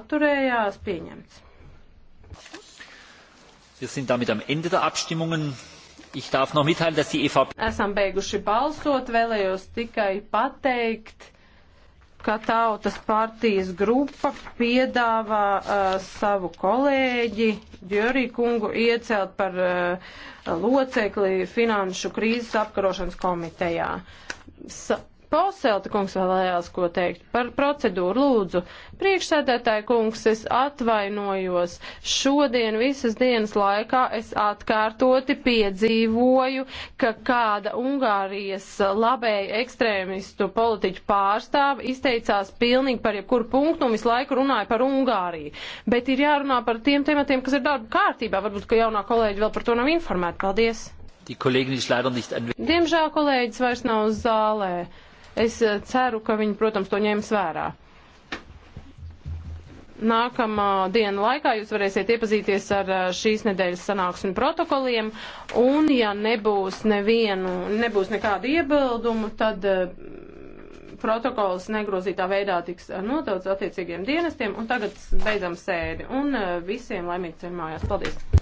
atturējās pieņemts. Wir sind damit am Ende der Abstimmungen. Ich darf noch mitteilen, dass die EVP. Esam beiguši balsot, vēlējos tikai pateikt, ka Tautas partijas grupa piedāvā uh, savu kolēģi Djurī kungu iecelt par uh, locekli Finanšu krīzes apkarošanas komitejā. Sa Pauselta kungs vēlējās ko teikt par procedūru. Lūdzu, priekšsēdētāja kungs, es atvainojos. Šodien visas dienas laikā es atkārtoti piedzīvoju, ka kāda Ungārijas labēja ekstrēmistu politiķu pārstāve izteicās pilnīgi par jebkuru punktu un visu laiku runāja par Ungāriju. Bet ir jārunā par tiem tematiem, kas ir darba kārtībā. Varbūt, ka jaunā kolēģi vēl par to nav informēta. Paldies! Diemžēl kolēģis vairs nav zālē. Es eh, ceru, ka viņi, protams, to ņems vērā. Nākamā diena laikā jūs varēsiet iepazīties ar eh, šīs nedēļas sanāksmi protokoliem, un ja nebūs nevienu, nebūs nekādu iebildumu, tad eh, protokols negrozītā veidā tiks nodots attiecīgiem dienestiem, un tagad beidzam sēdi, un visiem laimīgi ceļ mājās. Paldies!